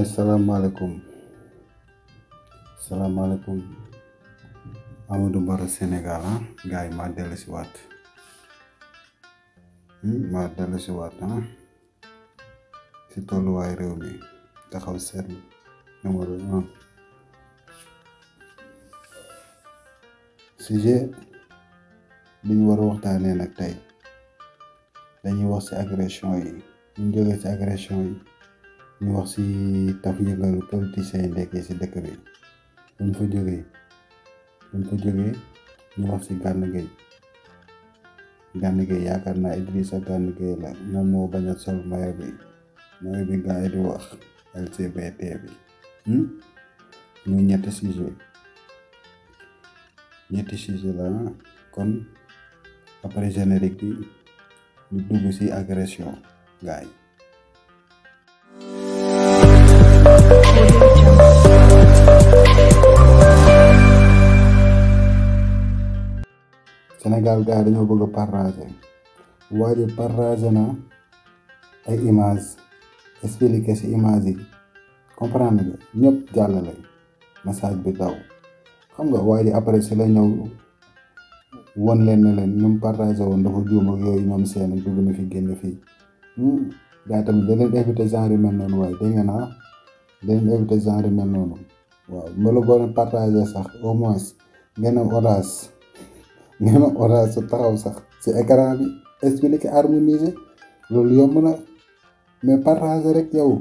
asalaamaaleykum asalaamaaleykum Amadou Baro Sénégal ah gars yi maa dellu si waat hmm, si waat ah si tolluwaay réew mi taxaw seetlu numéro un sujet bi ñu war a waxtaanee nag tey dañuy wax si agression yi ñu jógee si agression yi. ñu wax ci taf yëngalu politiciens yi nekkee si dëkk bi buñ fa jógee buñ fa jógee ñu wax si Gana Gueye Gana Gueye yaakaar naa Idrissa Gana Gueye la moom moo bañ a sol mayo bi mayo bi gaa yi di wax LCBT bi muy ñetti sujet ñetti sujet la kon après générique bi ñu dugg si agression gaa yi Sénégal gars yi dañoo bëgg a partager waa partager na ay image expliqué si image yi comprendre nga ñëpp jàllale message bi daw xam nga waa ji après si la won leen ne leen ñu mu partagé woon dafa juum ak yooyu ñoom seen dugg fi génn fii hmm, gars tamit da leen évité genre yu mel noonu waaye dégg na naa da leen évité genre yu mel noonu waaw melo boo leen sax au moins ngeen am nee na Horatio taxaw sax ci écran bi expliqué harmoniser loolu yomb na mais partager rek yow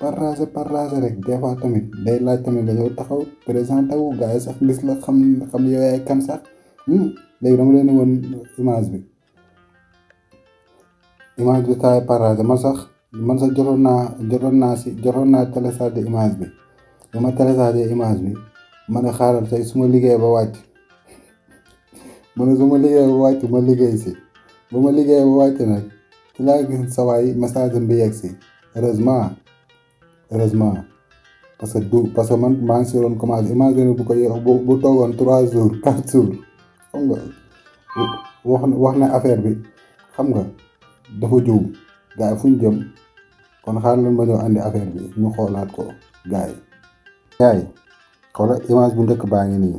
par partager rek des fois tamit day laaj tamit nga yow taxaw présenté wu gars yi sax gis la xam xam yow yaay kan sax hmm, léegi dama leen woon image bi image bi saa yi partager man sax man sax jotoon naa jotoon naa si jotoon naa télécharger image bi ba ma télécharger image bi ma ne xaaral tey su liggéey ba wàcc. mu ne su ma liggéey ba wàcc ma liggéey si ba ma liggéey ba wàcc nag ci laa gis sawaay message am bi yegg si heureusement heureusement parce que du parce que man maa ngi si doon commencé imaginer bu ko yor bu bu toogoon trois jours quatre jours xam nga wax wax na affaire bi xam nga dafa jiw gars yi fu ñu jëm kon xaar lan ma ñëw andi affaire bi ñu xoolaat ko gars yi. gars yi xoolal image bu njëkk baa ngi nii.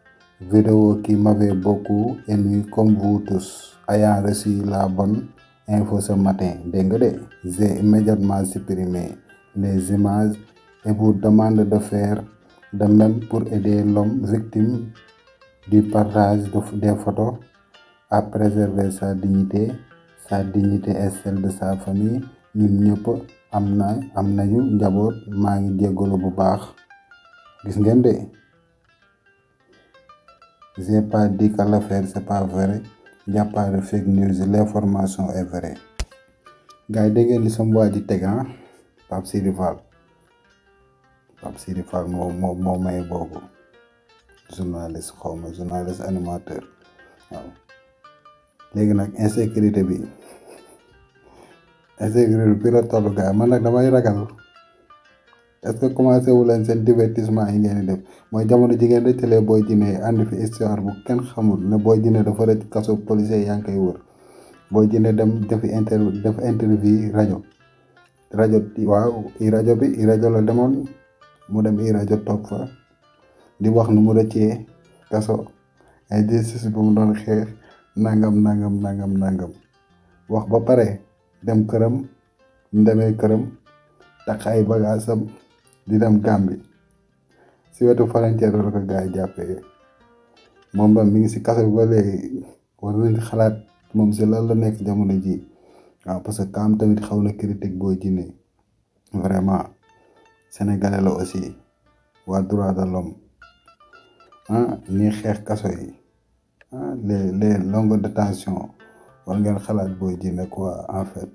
vidéo qui m'avait beaucoup ému comme vous tous, ayant reçu la bonne info ce matin. J'ai immédiatement supprimé les images et vous demande de faire de même pour aider l'homme victime du partage des photos à préserver sa dignité, sa dignité et celle de sa famille. Nous ñëpp njaboot bu baax gis de J'ai pas dit que l'affaire c'est pas vrai y a pas de fake news l'information est vraie. gars yi dégg ngeen li sama waa ji teg ah Pape moo moo may boobu journaliste xaw ma journaliste animateur léegi nag insécurité bi insécurité bi la tollu gars man nag damay ragal. est-ce que commencé wu leen seen divertissement yi ngeen di def mooy jamono ji ngeen rëccalee Boy Djiné ànd fi histoire bu kenn xamul ne Boy Djiné dafa rëcc kaso policier yaa ngi koy wër Boy Djiné dem defi inter def interview rajo rajo waaw i rajo bi i rajo la demoon mu dem i rajo toog fa di wax nu mu rëccee kaso injustice bu mu doon xeex nangam nangam nangam nangam wax ba pare dem këram demee këram takk ay bagaasam di dem Gàmbi si wetu frontière la a gaa yi moom ba mi ngi si kaso bi ba léegi war xalaat moom si lan la nekk jamono ji waaw parce que Kaam tamit xaw na critique Boy Djiné vraiment sénégalais aussi waa droit de l'homme ah ñiy xeex kaso yi ah les les longues détentions war ngeen xalaat Boy Djiné quoi en fait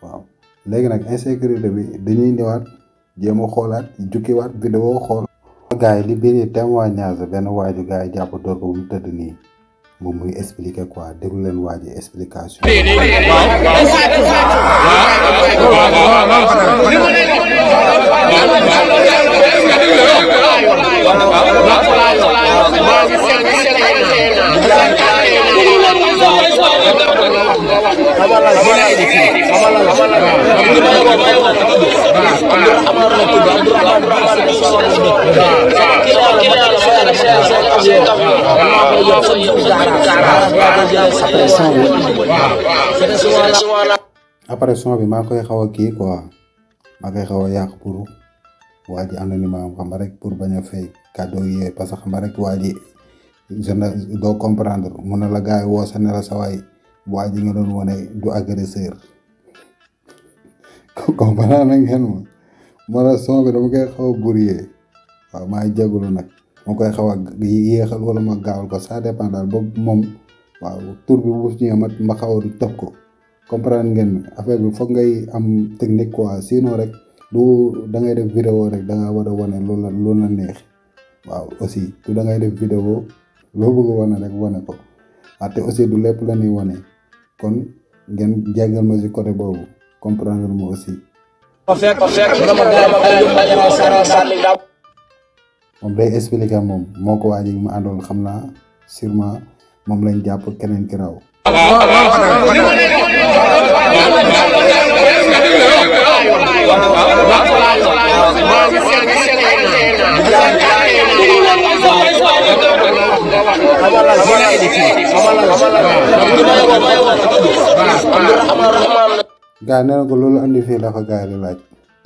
waaw léegi nag insécurité bi dañuy ñëwaat. jéem a xoolaat jukkiwaat vidéo xool. gars yi li biir témoignage benn waay ju gars yi jàpp dóor ko bu mu tëdd nii moom muy expliquer quoi déglu leen waa ji explication. après son bi maa koy xaw a kii quoi maa koy xaw a yàq pour waa ji anonymat am xam rek pour bañ a fay kàddu yi parce que xam nga rek waa ji comprendre mun na la gars yi woo sa la sa waa ji nga doon wane du agresseur comprendre na ngeen ma son bi koy xaw a brouillé waaw maa ngi nag ma koy xaw a yéexal wala ma gaawal ko ça dépend daal ba moom waaw bi bu ñëwee ma ma xaw a topp ko comprendre ngeen affaire bi foog ngay am technique quoi sinon rek du da ngay def vidéo rek da nga war a wane loolu la neex waaw aussi du da ngay def vidéo loo bëgg a wane rek wane ko. aussi du lépp la ñuy wane kon ngeen jangal ma ci côté bobu comprendre mo aussi moom day expliquer mom moko ko waaji ma àndoon xam naa sûrement moom lañ japp keneen ki raw Thank you. gaa nee na ko loolu andi fii la ko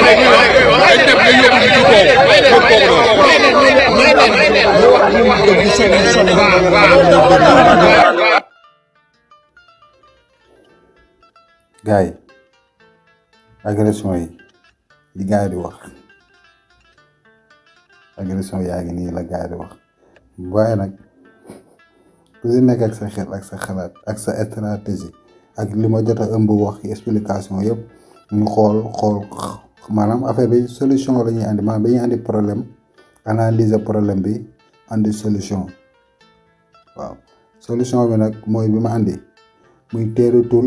gaay yi agression yi li gaay di wax agression yaa ngi nii la gaay di wax waaye nag ku si nekk ak sa xel ak sa xalaat ak sa stratégie ak li ma jot ëmb wax explication yëpp ñu xool xool maanaam affaire bi solution la ñuy andi ba ñu andi problème analyser problème bi andi solution waaw solution bi nag mooy bi ma andi muy teerutul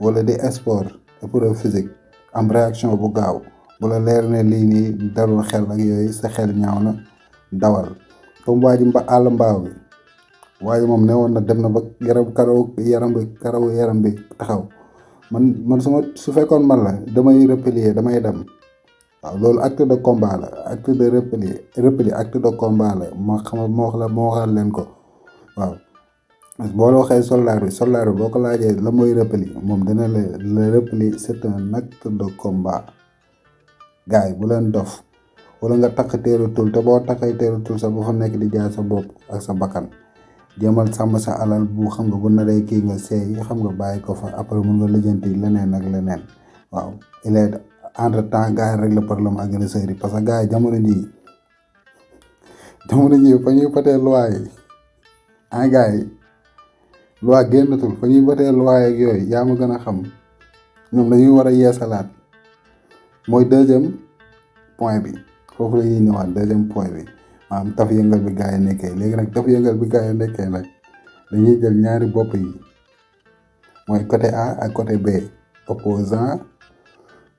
wala di sport épreuve physique am réaction bu gaaw bu leer ne lii nii dalul xel ak yooyu sa xel ñaaw na dawal comme waa ji mba àll mbaaw bi waa moom ne woon na dem na ba yaram karaw yaram bi karaw yaram bi taxaw man man su ma su fekkoon man la damay replier damay dem waaw loolu acte de combat la acte de replier replier acte de combat la moo la moo leen ko waaw boo la waxee soldat bi boo ko laajee la mooy repli moom dina la la repli c'est un acte de combat yi bu leen dof wala nga takk teeru tul te boo takkee teeru tul sax ba fa nekk di jaay sa bopp ak sa bakkan jéemal sàmm sa alal bu xam nga bu naree kii nga seey xam nga bàyyi ko fa après mun nga lijjanti leneen ak leneen waaw il est entre temps gars yi rek par la agresseur yi parce que gars yi jamono jii jamono jii ñuy batee loi yi ah gars yi loi génnatul fa ñuy batee loi ak yooyu yaa ma gën a xam ñoom dañuy war a yeesalaat mooy deuxième point bi foofu la ñuy ñëwaat deuxième point bi. maanaam taf yëngal bi gaa yi nekkee léegi nag taf yëngal bi gaa yi nekkee nag dañuy jël ñaari bopp yi mooy côté A ak côté B opposant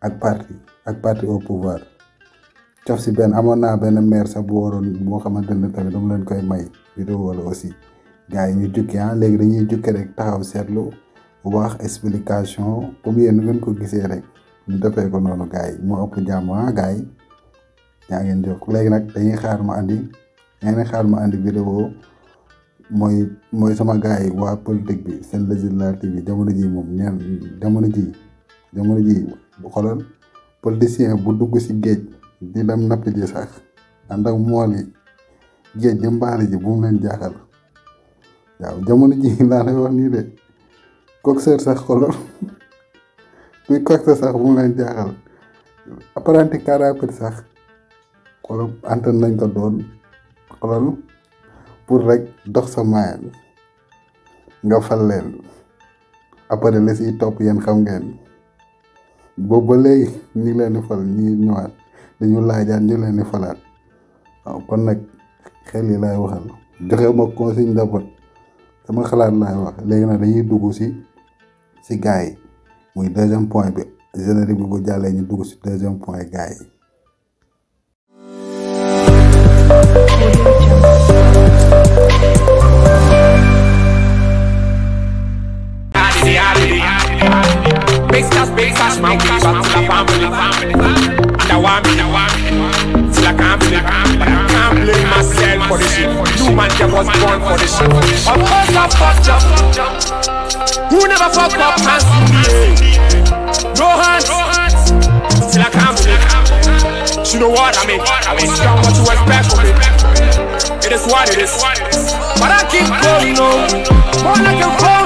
ak parti ak parti au pouvoir cof si benn amoon naa benn maire sax bu waroon boo xamante ne tamit dama leen koy may vidéo wala aussi gars yi ñu jukki ah léegi dañuy jukki rek taxaw seetlu wax explication comme yéen ngeen ko gisee rek ñu defee ko noonu gars yi moo ëpp jàmm ah gars yi yaa ngeen jëf léegi nag dañuy xaar ma andi dañuy xaar ma mooy mooy sama gars yi waa politique bi seen législative yi jamono ji moom ñeen jamono ji jamono ji bu xoolal politicien bu dugg si géej di dem nappi ji sax ànd ak mool géej di mbaari ji bu mu leen jaaxal waaw jamono ji laa lay wax nii de coxeur sax xoolal kuy coxeur sax bu mu leen jaaxal apprenti carapet sax xoolal antenne nañ ko doon xoolal pour rek dox sa maayal nga fal leen après la siy topp yéen xam ngeen boobu ba léegi ñu ngi leen di ñu ngi ñëwaat dañu laajaat ñu leen di falaat waaw kon nag xel yi laay waxal joxe ma consigne d' abord sama xalaat laay wax léegi nag dañuy dugg si si gars yi muy deuxième point bi générique bi bu jàllee ñu dugg si deuxième point gars yi. Mr. Space Ash man kick back to the family And I want me, I want me Till I can't feel But I can't blame myself for this shit New man that was born for this shit Of course I fucked up Who never fucked up and see me No hands Still I can't feel it You know what I mean I mean, strong what you expect from me It is what it is But I keep going on More like a phone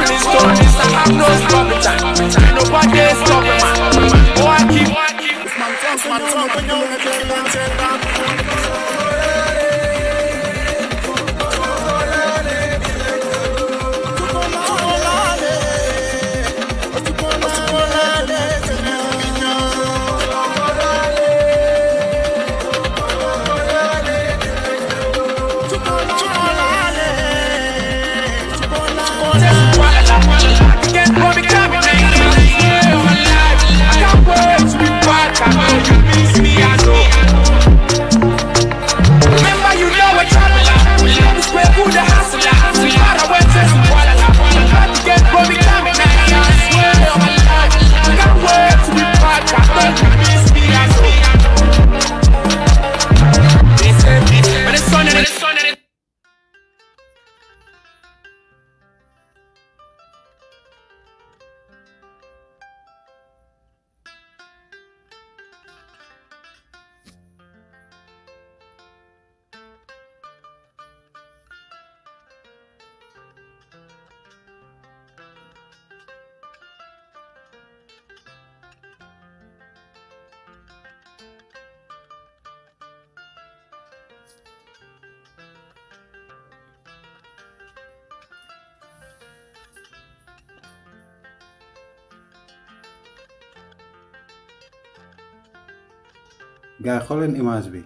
Ga xoolal image bi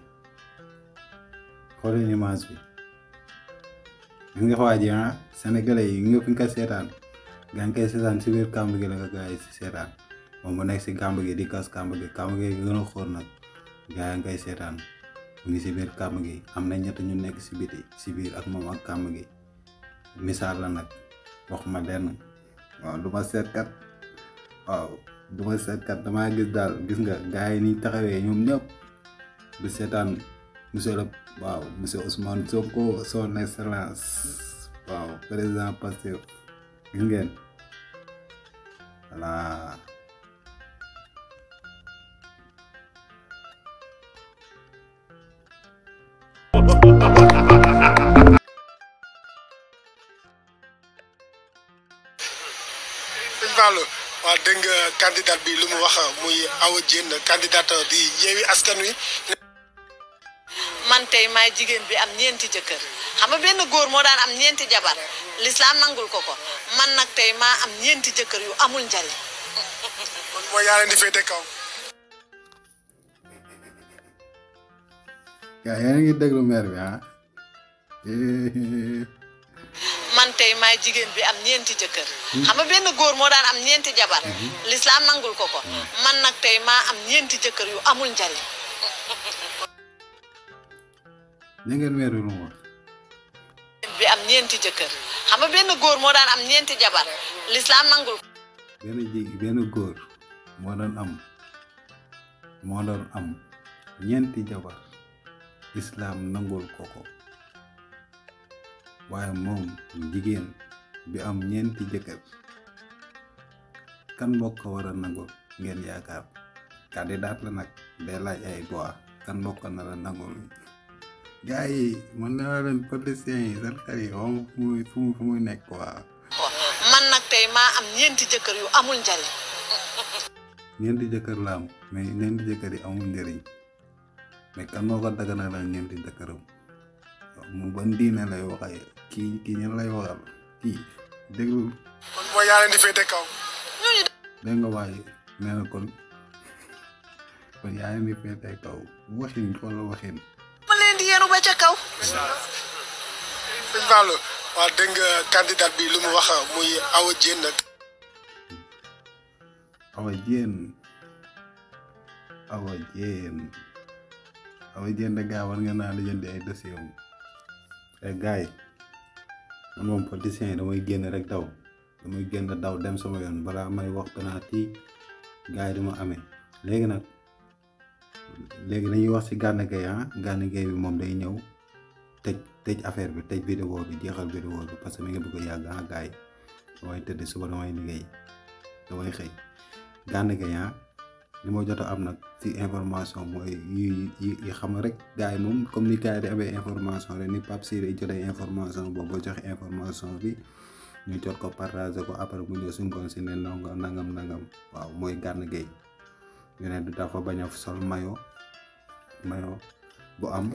xoolal image bi ñu nga waa ha sénégalais yi ñu fiñ ka koy seetaan gaa ngi ci wër si gi la nga gaay yi si mo mo nek ci si gi di kas kàmb gi kàmb gi gëna xor nak ga nga yaa ngi ñu seetaan mu ngi si biir kàmb gi am na ñett ñu nek ci biti ci biir ak mom ak kàmb gi misal la wax ma lenn wa du ma kat, wa du ma kat dama gis dal gis nga gaay yi taxawé ñom ñoom besetan monsieur le waaw monsieur Ousmane Sonko son excellence wow, président Pastef gis voilà Fallou candidat bi lu mu wax muy Awa jenn candidat eh, eh, di Yewwi Askan Wi man tey maay jigéen bi am ñeenti jëkkër xam nga benn góor moo daan am ñeenti jabar lislaam nangul ko ko man nag tey maa am ñeenti jëkkër yu amul njariñ kon mooy yaa leen di kaw yaa yéen a ah. man tey maay jigéen bi am ñeenti jëkkër hmm. xam benn góor moo daan am ñeenti jabar hmm. lislaam nangul ko ko hmm. man nag tey maa am ñeenti jëkkër yu amul njariñ da ngeen weer wi lu bi am ñeenti jëkkër xam benn góor moo daan am ñeenti jabar lislaam nangul benn jigi benn góor moo daan ko ko waaye moom jigéen bi am ñeenti jëkkër kan moo ko war a nangul ngeen yaakaar candidat la nag day laaj ay droit kan moo ko nar nangul gars yi man naa leen politiciens yi salkar yi xaw ma nekk quoi. man nag tey maa am ñeenti jëkkër yu amul njariñ. ñeenti jëkkër la am mais ñeenti jëkkër yi amul njariñ mais kan moo ko daganal la ñeenti jëkkëram mu ban diine lay waxee kii kii ñan lay waxal kii déglu. kon mooy yaa leen di féete kaw. waxin wala waxin. ca kaw. sëñ Fallou waaw bi lu mu wax muy Awa Dieng nag. Awa Dieng Awa Dieng Awa Dieng de gaa war nga naa la jënd ay dossier am ay yi man moom politicien yi damay génn rek daw damay génn daw dem sama yoon balaa may wax penalty gars yi du ma amee léegi nag. légui dañuy wax ci gane gay han gane gay bi mom day ñew tej tej affaire bi tej vidéo bi jéxal vidéo bi parce que mi nga bëgg yag han ah gay way tedd ci tëdd suba damay liggéey damay xëy Gana Gueye ah li mo jotta am nak ci information moy yi yi xam rek gay mom comme ni gay di amé information rek ni Pape Siré jotee information bo bo jox information bi ñu jot ko partager ko après mu ñu suñu ngoon si ne nangam nangam waaw moy gane gay ngene du dafa baña sol mayo mayo bu am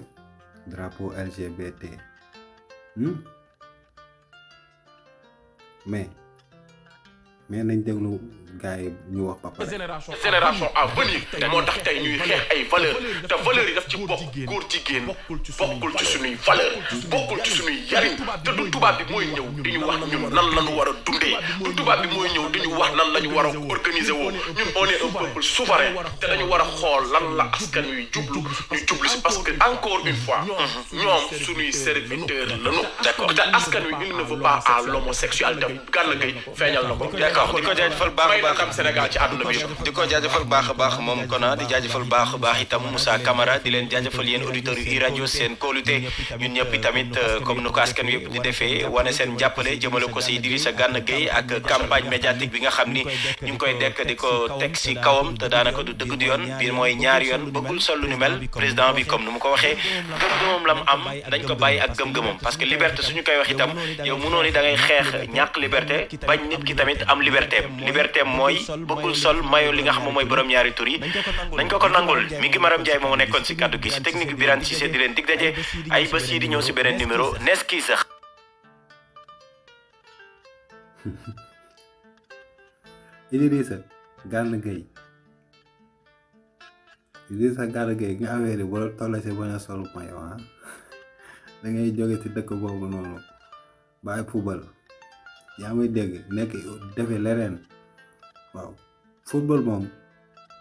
drapeau lgbt mais hmm? mais nañ déglu gars yi ñu wax ba pare. génération à venir moo tax tey ñuy xeex ay valeur te valeurs yi daf ci bokk góor jigéen bokkul ci suñuy valeur bokkul ci suñuy yariñ te du tubaab bi mooy ñëw di ñu wax ñun nan lañu war a dundee du tubaab bi mooy ñëw di ñu wax nan la ñu war a organiser woo ñun on est un peuple souverain te dañu war a xool lan la askan wi jublu ñu jublu si parce que encore une fois ñoom suñuy serviteur lañu d'accord te askan wi il ne veut pas à l'homosexualité Gana Gueye feeñal na ko d'accord di ko jaajëfal baax a baax Sénégal ci àdduna bi di ko jaajëfal baax a baax moom Kona di jaajëfal baax a baax itam Moussa Camara di leen jaajëfal yéen auditeurs yu rajo seen kóolute ñun ñëpp i tamit euh, comme nu ko askan di defee wane sen jàppale jëmale ko si Idrissa Gana Gueye ak campagne médiatique bi nga xam ni ñu ngi koy dekk di ko teg si kawam te daanaka du dëgg du yoon bi mooy ñaari yoon bëggul sol lu ni mel président bi comme nu ko waxee gëm-gëmam la am dañ ko bàyyi ak gëm-gëmam parce que liberté suñu koy wax itam yow mënoo ni da ngay xeex ñàkk liberté bañ nit ki tamit am liberté liberté moy bokul sol mayo li nga xam moy borom ñaari tour yi nañ ko ko nangul mi ngi maram jaay mo nekkon si cadeau gi ci technique bi Birane Cissé di len dig dajé ay di ñëw si beneen numéro nees kii sax idirisa Gana Gueye Idrissa Gana gay nga amee ré wala tollee si bañ sol mayo ha ah. da ngay jóge ci dëkk bobu nonu bay poubelle yaa ma dégg nekk defe leneen waaw football moom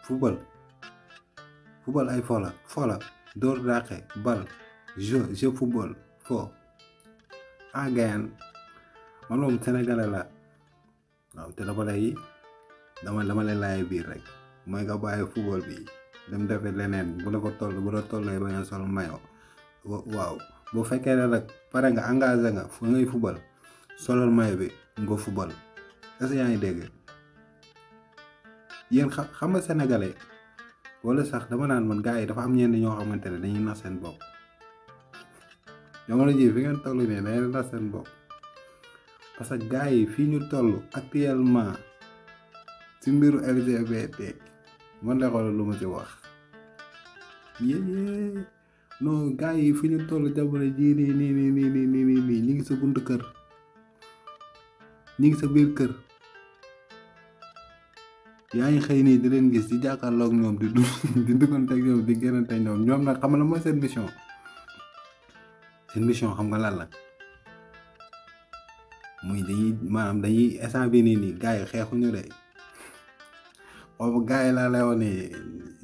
football ay foola fola dóor dàqe bal jeu jeu football fo ah gayan man moom sénégalais la waaw te dafa lay dama dama lay laay biir rek mooy nga bàyyi football bi dem defe leneen bu la ko toll bu la tollee ba nga sol mayo waaw bu fekkee ne nag pare nga engagé nga fu ngay football solal mayo bi ngo football est-ce yaa ngi dégg yeen xam nga sénégalais wala sax dama naan man gaay dafa am ñenn ñoo xamantene dañuy na seen bopp jamono ji fi ngeen tollu ne dañuy na seen bopp parce que gaay yi fii ñu tollu actuellement ci mbiru LGBT man la xoolal lu ma ci wax yéen non gaay yi fi ñu tollu jamono jii nii nii nii nii nii nii ñu ngi sa buntu kër. ñi ngi sa biir kër yaa ngi xëy nii di leen gis di jàkkaarloog ñoom di di duggante ak ñoom di génnante ñoom ñoom nag xam nga la mooy seen mission seen mission xam nga lan la muy dañuy maanaam dañuy instant bii nii nii gars yi xeexuñu de boobu gars laa lay wax nii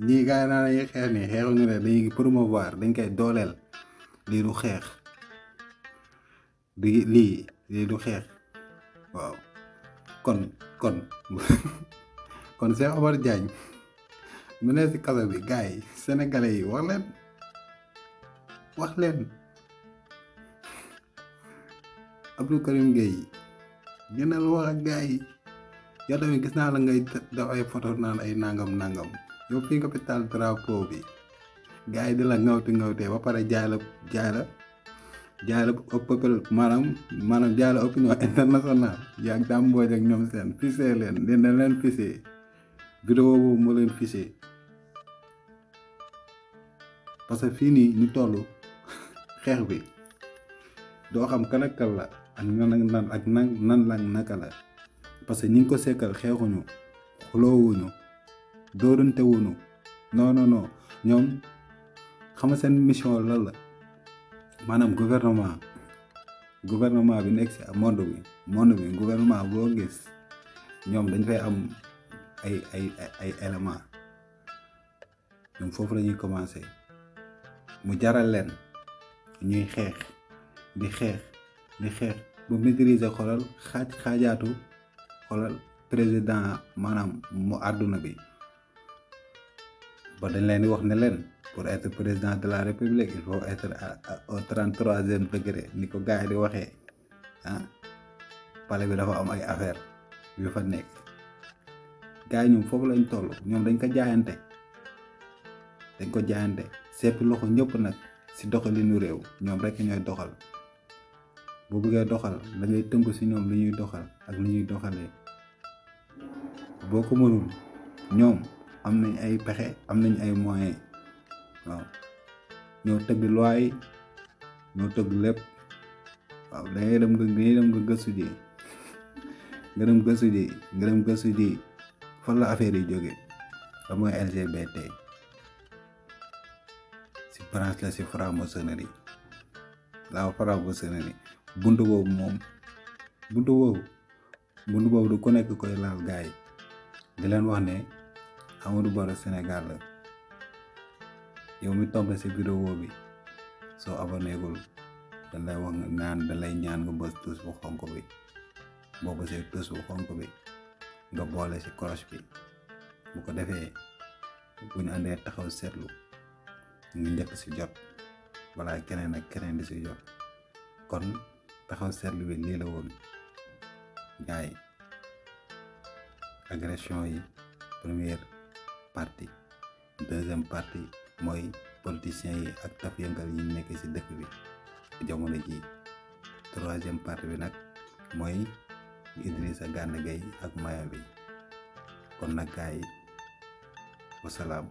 ñii gars yi laa lay xeex nii xeexuñu de dañuy promouvoir dañ koy dooleel lii du xeex lii lii du xeex. waaw kon kon kon Cheikh Omar Diagne mu ne si kaso bi gars yi sénégalais yi wax leen wax leen Abdou Karim Gueye gënal wax ak gars yi tamit gis naa la ngay def ay photo naan ay nangam nangam yow fii nga fi taal drapeau bi gars di la ngawti ngawtee ba pare jaay la jaay la jaay la peuple maanaam maanaam jaay la opinion internationale ak ngi Dame Mbodj ak ñoom seen fise leen dina leen fise vidéo boobu moo leen fise parce que fii nii ñu toll xeex bi doo xam kan la ak nan ak nan nan la naka la parce que ñi ngi ko sekkal xeexuñu xuloowuñu dóorante wuñu non non non ñoom xam seen mission lal la manam gouvernement gouvernement bi nekk ci monde bi monde bi gouvernement Nous gis ñom dañ fay am ay ay ay élément ñom fofu lañuy commencer mu jaral len ñuy xex di xex di xex bu maîtriser xolal xaaj xolal président manam mu aduna bi ba dañ leen di wax ne leen pour être président de la république il faut être a trente troisième degré ni ko gars di waxee ah bi dafa am ay affaire yu fa nekk gars yi ñoom foofu lañ toll ñoom dañ ko jaayante dañ ko jaayante seppi loxo ñëpp nag si doxalinu réew ñoom rek ñooy doxal boo bëggee doxal da ngay tënk si ñoom li ñuy doxal ak li ñuy doxalee boo ko mënul ñoom am nañ ay pexe am nañ ay moyens waaw ñoo tëgg loi ñoo tëgg lépp waaw da dem nga ngay dem nga gëstu ji nga dem gëstu ji nga dem gëstu ji fan la affaire yi jógee da mooy LGBT si branche la si franc-maçonnerie la franc-maçonnerie buntu boobu moom buntu boobu buntu boobu du ku nekk koy laal gaay di leen wax ne Amadou Barrow Sénégal la yow mi togg si vidéo bi soo abonné gul da lay lay ñaan nga bës tuus bu xonk bi boo bësee tuus bu xonk bi nga boole si cloche bi bu ko defee bu ñu àndee taxaw seetlu ñu njëkk si jot wala keneen ak keneen di si jot kon taxaw seetlu bi lii la woon gaay agression yi première parti deuxième parti mooy politiciens yi ak taf yëngal yi nekk ci dëkk bi jamono ji troisième parti bi nag mooy Idrissa Gana Gueye ak mayo bi kon nag gars yi wasalaam